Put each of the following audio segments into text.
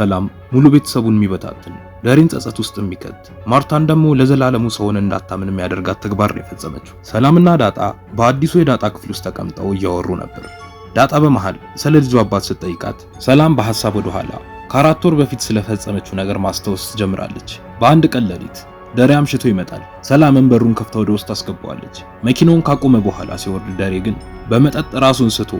በላም ሙሉ ቤተሰቡን የሚበታትን ዳሬን ጸጸት ውስጥ የሚከት ማርታን ደግሞ ለዘላለሙ ሰውን እንዳታምን የሚያደርጋት ተግባር ነው የፈጸመችው። ሰላምና ዳጣ በአዲሱ የዳጣ ክፍል ውስጥ ተቀምጠው እያወሩ ነበር። ዳጣ በመሃል ስለ ልጁ አባት ስትጠይቃት፣ ሰላም በሐሳብ ወደ ኋላ ከአራት ወር በፊት ስለፈጸመችው ነገር ማስታወስ ትጀምራለች። በአንድ ቀን ሌሊት ደሬ አምሽቶ ይመጣል። ሰላምን በሩን ከፍታ ወደ ውስጥ አስገባዋለች። መኪናውን ካቆመ በኋላ ሲወርድ ደሬ ግን በመጠጥ ራሱን ስቶ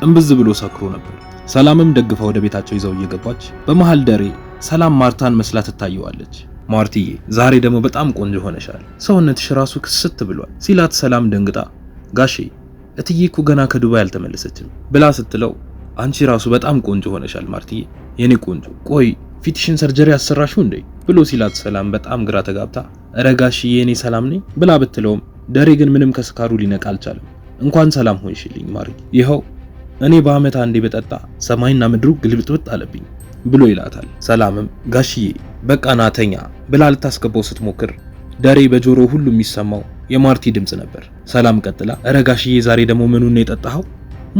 ጥንብዝ ብሎ ሰክሮ ነበር። ሰላምም ደግፋ ወደ ቤታቸው ይዘው እየገባች በመሃል ደሬ ሰላም ማርታን መስላ ትታየዋለች። ማርትዬ ዛሬ ደግሞ በጣም ቆንጆ ሆነሻል፣ ሰውነትሽ ራሱ ክስት ብሏል ሲላት ሰላም ደንግጣ ጋሼ እትዬ እኮ ገና ከዱባይ አልተመለሰችም ብላ ስትለው አንቺ ራሱ በጣም ቆንጆ ሆነሻል ማርቲዬ፣ የኔ ቆንጆ፣ ቆይ ፊትሽን ሰርጀሪ አሰራሹ እንዴ ብሎ ሲላት ሰላም በጣም ግራ ተጋብታ እረ ጋሽዬ የኔ ሰላም ነኝ ብላ ብትለውም ደሬ ግን ምንም ከስካሩ ሊነቃ አልቻለም። እንኳን ሰላም ሆንሽልኝ ማሪ፣ ይኸው እኔ በአመት አንዴ በጠጣ ሰማይና ምድሩ ግልብጥብጥ አለብኝ ብሎ ይላታል። ሰላምም ጋሽዬ በቃ ናተኛ ብላ ልታስገባው ስትሞክር ደሬ በጆሮ ሁሉ የሚሰማው የማርቲ ድምፅ ነበር። ሰላም ቀጥላ እረ ጋሽዬ ዛሬ ደግሞ ምኑን ነው የጠጣኸው?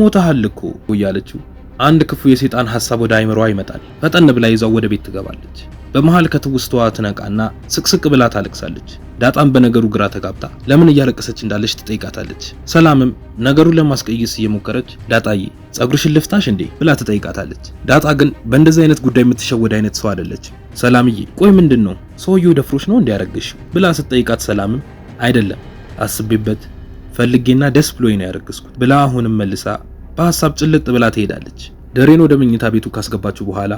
ሞተሃል እኮ እያለችው አንድ ክፉ የሴጣን ሐሳብ ወደ አይምሯ ይመጣል። ፈጠን ብላ ይዛው ወደ ቤት ትገባለች። በመሃል ከትውስቷ ትነቃና ስቅስቅ ብላ ታለቅሳለች። ዳጣም በነገሩ ግራ ተጋብታ ለምን እያለቀሰች እንዳለች ትጠይቃታለች። ሰላምም ነገሩን ለማስቀየስ እየሞከረች ዳጣዬ ጸጉርሽን ልፍታሽ እንዴ ብላ ትጠይቃታለች። ዳጣ ግን በእንደዚህ አይነት ጉዳይ የምትሸወድ አይነት ሰው አይደለች። ሰላምዬ ቆይ ምንድን ነው ሰውየው ደፍሮሽ ነው እንዲያረግሽ ብላ ስትጠይቃት፣ ሰላምም አይደለም አስቤበት ፈልጌና ደስ ብሎኝ ነው ያረግስኩት ብላ አሁንም መልሳ በሀሳብ ጭልጥ ብላ ትሄዳለች። ደሬን ወደ መኝታ ቤቱ ካስገባችሁ በኋላ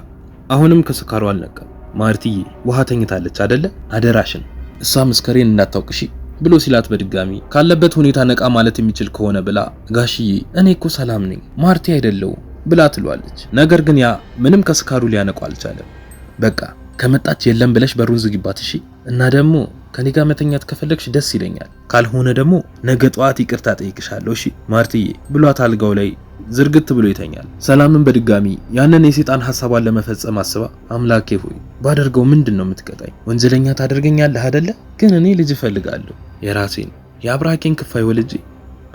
አሁንም ከስካሩ አልነቃም። ማርትዬ ውሃ ተኝታለች አደለ? አደራሽን እሷ ምስከሬን እንዳታውቅ እሺ ብሎ ሲላት በድጋሚ ካለበት ሁኔታ ነቃ ማለት የሚችል ከሆነ ብላ ጋሽዬ እኔ እኮ ሰላም ነኝ ማርቲ አይደለው ብላ ትሏለች። ነገር ግን ያ ምንም ከስካሩ ሊያነቁ አልቻለም። በቃ ከመጣች የለም ብለሽ በሩን ዝግባት እሺ እና ደግሞ ከኔ ጋር መተኛት ከፈለግሽ ደስ ይለኛል፣ ካልሆነ ደግሞ ነገ ጠዋት ይቅርታ ጠይቅሻለሁ እሺ ማርትዬ ብሏት አልጋው ላይ ዝርግት ብሎ ይተኛል። ሰላምን በድጋሚ ያንን የሴጣን ሐሳቧን ለመፈጸም አስባ አምላኬ ሆይ ባደርገው ምንድን ነው የምትቀጣኝ? ወንጀለኛ ታደርገኛለህ አይደለ? ግን እኔ ልጅ እፈልጋለሁ፣ የራሴን የአብራኬን ክፋይ ወልጄ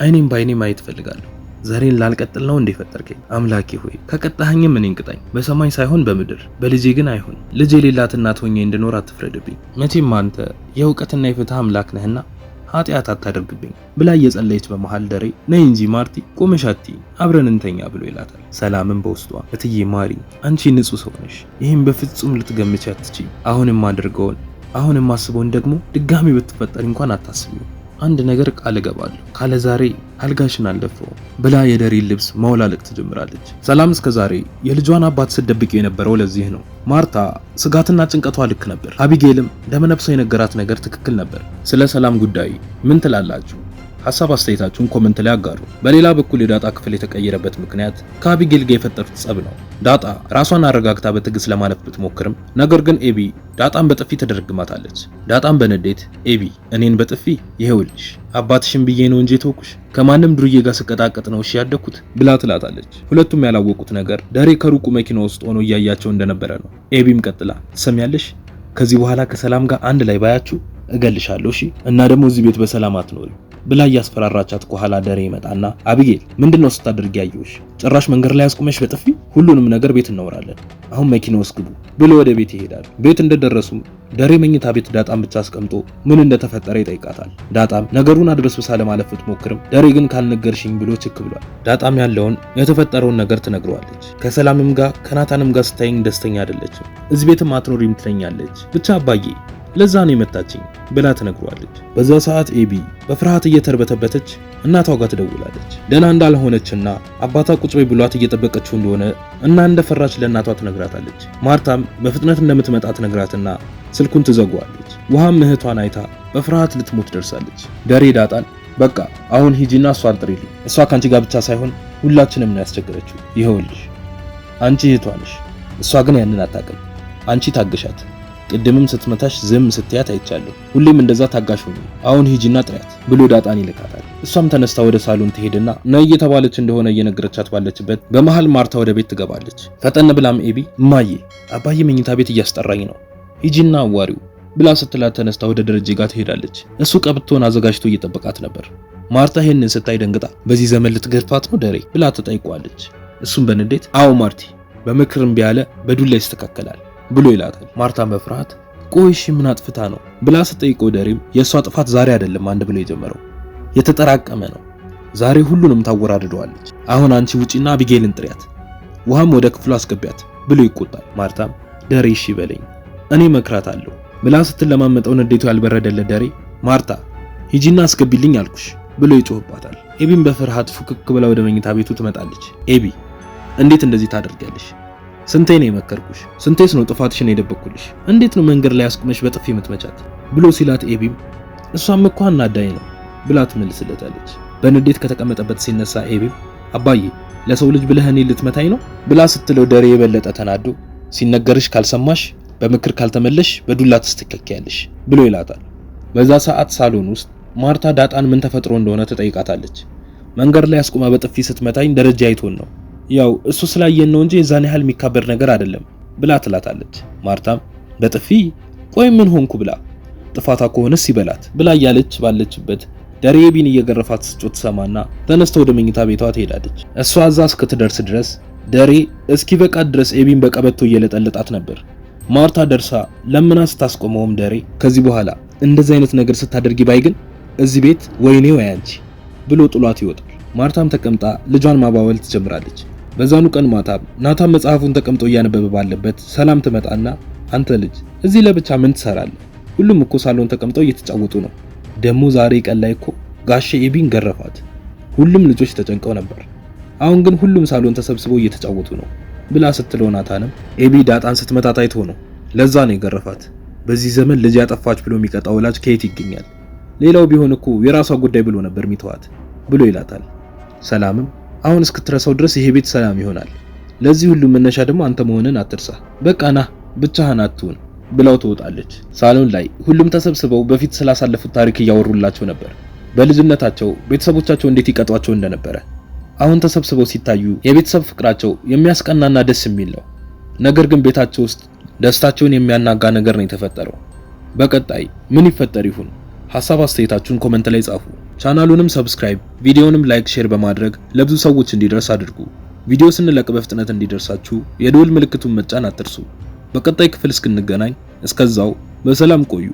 አይኔም ባይኔ ማየት እፈልጋለሁ። ዛሬን ላልቀጥል ነው እንዴ ፈጠርከኝ? አምላኬ ሆይ ከቀጣኸኝም እኔን ቅጣኝ፣ በሰማይ ሳይሆን በምድር በልጄ ግን አይሁን። ልጅ የሌላት እናት ሆኜ እንድኖር አትፍረድብኝ። መቼም አንተ የእውቀትና የፍትህ አምላክ ነህና ኃጢአት አታደርግብኝ ብላ እየጸለየች በመሃል ደሬ ነይ እንጂ ማርቲ ቆመሻቲ አብረን እንተኛ ብሎ ይላታል። ሰላምን በውስጧ እትዬ ማሪ አንቺ ንጹህ ሰው ነሽ፣ ይህም በፍጹም ልትገምቺ አትችይ። አሁንም አድርገውን አሁን የማስበውን ደግሞ ድጋሚ ብትፈጠር እንኳን አታስቢው አንድ ነገር ቃል እገባለሁ ካለ ዛሬ አልጋሽን አልደፍረውም ብላ የደሪ ልብስ ማውላለቅ ትጀምራለች። ሰላም እስከ ዛሬ የልጇን አባት ስደብቅ የነበረው ለዚህ ነው። ማርታ ስጋትና ጭንቀቷ ልክ ነበር። አቢጌልም ደመነፍሰው የነገራት ነገር ትክክል ነበር። ስለ ሰላም ጉዳይ ምን ትላላችሁ? ሀሳብ አስተያየታችሁን ኮመንት ላይ አጋሩ። በሌላ በኩል የዳጣ ክፍል የተቀየረበት ምክንያት ከአቢጌል ጋር የፈጠሩት ጸብ ነው። ዳጣ ራሷን አረጋግታ በትዕግስት ለማለፍ ብትሞክርም ነገር ግን ኤቢ ዳጣን በጥፊ ተደረግማታለች። ዳጣን በንዴት ኤቢ እኔን በጥፊ ይሄውልሽ አባትሽን ብዬ ነው እንጂ ተውኩሽ፣ ከማንም ዱርዬ ጋር ስቀጣቀጥ ነው እሺ ያደኩት ብላ ትላታለች። ሁለቱም ያላወቁት ነገር ዳሬ ከሩቁ መኪና ውስጥ ሆኖ እያያቸው እንደነበረ ነው። ኤቢም ቀጥላ ትሰሚያለሽ ከዚህ በኋላ ከሰላም ጋር አንድ ላይ ባያችሁ እገልሻለሁ። እሺ እና ደግሞ እዚህ ቤት በሰላም አትኖሪ። ብላ እያስፈራራቻት ከኋላ ደሬ ይመጣና አብጌል ምንድነው ነው ያየሁሽ? ጭራሽ መንገድ ላይ ያስቆመሽ በጥፊ ሁሉንም ነገር ቤት እናወራለን፣ አሁን መኪና ውስጥ ግቡ ብሎ ወደ ቤት ይሄዳል። ቤት እንደደረሱ ደሬ መኝታ ቤት ዳጣም ብቻ አስቀምጦ ምን እንደተፈጠረ ይጠይቃታል። ዳጣም ነገሩን አድበስብሳ ለማለፍ ብትሞክርም ደሬ ግን ካልነገርሽኝ ብሎ ችክ ብሏል። ዳጣም ያለውን የተፈጠረውን ነገር ትነግረዋለች። ከሰላምም ጋር ከናታንም ጋር ስታይኝ ደስተኛ አይደለችም። እዚህ ቤትም አትኖሪም ትለኛለች። ብቻ አባዬ ለዛ ነው የመታችኝ ብላ ትነግሯለች። በዛ ሰዓት ኤቢ በፍርሃት እየተርበተበተች እናቷ ጋር ትደውላለች። ደህና እንዳልሆነችና አባቷ ቁጭ በይ ብሏት እየጠበቀችው እንደሆነ እና እንደፈራች ለእናቷ ትነግራታለች። ማርታም በፍጥነት እንደምትመጣ ትነግራትና ስልኩን ትዘጓለች ውሃም እህቷን አይታ በፍርሃት ልትሞት ደርሳለች። ደሬ ዳጣን በቃ አሁን ሂጂና እሷን ጥሪልኝ። እሷ ካንቺ ጋር ብቻ ሳይሆን ሁላችንም ነው ያስቸገረችው። ይኸውልሽ አንቺ እህቷ ነሽ፣ እሷ ግን ያንን አታውቅም። አንቺ ታገሻት፣ ቅድምም ስትመታሽ ዝም ስትያት አይቻለሁ። ሁሌም እንደዛ ታጋሽ ሆኝ፣ አሁን ሂጂና ጥሪያት ብሎ ዳጣን ይልካታል። እሷም ተነስታ ወደ ሳሎን ትሄድና ነ እየተባለች እንደሆነ እየነገረቻት ባለችበት በመሃል ማርታ ወደ ቤት ትገባለች። ፈጠን ብላም ኤቢ እማዬ፣ አባዬ መኝታ ቤት እያስጠራኝ ነው፣ ሂጂና አዋሪው ብላ ስትላት ተነስታ ወደ ደረጀ ጋር ትሄዳለች። እሱ ቀብቶን አዘጋጅቶ እየጠበቃት ነበር። ማርታ ይህንን ስታይ ደንግጣ በዚህ ዘመን ልትገርፋት ነው ደሬ ብላ ትጠይቋለች። እሱም በንዴት አዎ ማርቲ፣ በምክርም ቢያለ በዱላ ይስተካከላል ብሎ ይላታል። ማርታን በፍርሃት ቆይሽ ምን አጥፍታ ነው ብላ ስጠይቀው ደሬም የእሷ ጥፋት ዛሬ አይደለም አንድ ብሎ የጀመረው የተጠራቀመ ነው። ዛሬ ሁሉንም ታወራድደዋለች። አሁን አንቺ ውጪና አቢጌልን ጥሪያት፣ ውሃም ወደ ክፍሉ አስገቢያት ብሎ ይቆጣል። ማርታም ደሬ እሺ በለኝ እኔ መክራታለሁ ብላ ስትለማመጠው ንዴቱ ያልበረደለት ደሬ ማርታ ሂጂና አስገቢልኝ አልኩሽ ብሎ ይጮህባታል። ኤቢም በፍርሃት ፉክክ ብላ ወደ መኝታ ቤቱ ትመጣለች። ኤቢ እንዴት እንደዚህ ታደርጋለሽ? ስንቴ ነው የመከርኩሽ? ስንቴስ ነው ጥፋትሽን የደበኩልሽ? እንዴት ነው መንገድ ላይ አስቁመሽ በጥፊ የምትመቻት? ብሎ ሲላት ኤቢም እሷም እኮ አናዳኝ ነው ብላ ትመልስለታለች። በንዴት ከተቀመጠበት ሲነሳ ኤቢም አባዬ ለሰው ልጅ ብለህ እኔ ልትመታኝ ነው ብላ ስትለው ደሬ የበለጠ ተናዶ ሲነገርሽ ካልሰማሽ፣ በምክር ካልተመለሽ በዱላ ትስተካከያለሽ ብሎ ይላታል። በዛ ሰዓት ሳሎን ውስጥ ማርታ ዳጣን ምን ተፈጥሮ እንደሆነ ትጠይቃታለች። መንገድ ላይ አስቁማ በጥፊ ስትመታኝ ደረጃ አይቶን ነው ያው እሱ ስላየን ነው እንጂ የዛን ያህል የሚካበድ ነገር አይደለም ብላ ትላታለች። ማርታም በጥፊ ቆይ ምን ሆንኩ ብላ ጥፋታ ከሆነስ ይበላት ብላ እያለች ባለችበት ደሬቢን እየገረፋት ስጮት ሰማና ተነስተ ወደ መኝታ ቤቷ ትሄዳለች። እሷ እዛ እስክትደርስ ድረስ ደሬ እስኪ በቃ ድረስ ኤቢን በቀበቶ እየለጠለጣት ነበር። ማርታ ደርሳ ለምና ስታስቆመውም ደሬ ከዚህ በኋላ እንደዚህ አይነት ነገር ስታደርጊ ባይ ግን እዚህ ቤት ወይኔ ወይ አንቺ ብሎ ጥሏት ይወጣል። ማርታም ተቀምጣ ልጇን ማባበል ትጀምራለች። በዛኑ ቀን ማታ ናታን መጽሐፉን ተቀምጦ እያነበበ ባለበት ሰላም ትመጣና አንተ ልጅ እዚህ ለብቻ ምን ትሰራለህ? ሁሉም እኮ ሳሎን ተቀምጠው እየተጫወቱ ነው። ደግሞ ዛሬ ቀን ላይ እኮ ጋሼ ኤቢን ገረፋት። ሁሉም ልጆች ተጨንቀው ነበር። አሁን ግን ሁሉም ሳሎን ተሰብስበው እየተጫወቱ ነው ብላ ስትለው ናታንም ኤቢ ዳጣን ስትመታ ታይቶ ነው ለዛ ነው የገረፋት። በዚህ ዘመን ልጅ ያጠፋች ብሎ የሚቀጣው ወላጅ ከየት ይገኛል? ሌላው ቢሆን እኮ የራሷ ጉዳይ ብሎ ነበር የሚተዋት ብሎ ይላታል። ሰላምም አሁን እስክትረሳው ድረስ ይሄ ቤት ሰላም ይሆናል። ለዚህ ሁሉ መነሻ ደግሞ አንተ መሆንን አትርሳ። በቃ ና ብቻህን አትሁን ብለው ትወጣለች። ሳሎን ላይ ሁሉም ተሰብስበው በፊት ስላሳለፉት ታሪክ እያወሩላቸው ነበር። በልጅነታቸው ቤተሰቦቻቸው እንዴት ይቀጧቸው እንደነበረ አሁን ተሰብስበው ሲታዩ የቤተሰብ ፍቅራቸው የሚያስቀናና ደስ የሚል ነው። ነገር ግን ቤታቸው ውስጥ ደስታቸውን የሚያናጋ ነገር ነው የተፈጠረው። በቀጣይ ምን ይፈጠር ይሁን? ሀሳብ አስተያየታችሁን ኮመንት ላይ ጻፉ። ቻናሉንም ሰብስክራይብ፣ ቪዲዮንም ላይክ፣ ሼር በማድረግ ለብዙ ሰዎች እንዲደርስ አድርጉ። ቪዲዮ ስንለቅ በፍጥነት እንዲደርሳችሁ የደወል ምልክቱን መጫን አትርሱ። በቀጣይ ክፍል እስክንገናኝ እስከዛው በሰላም ቆዩ።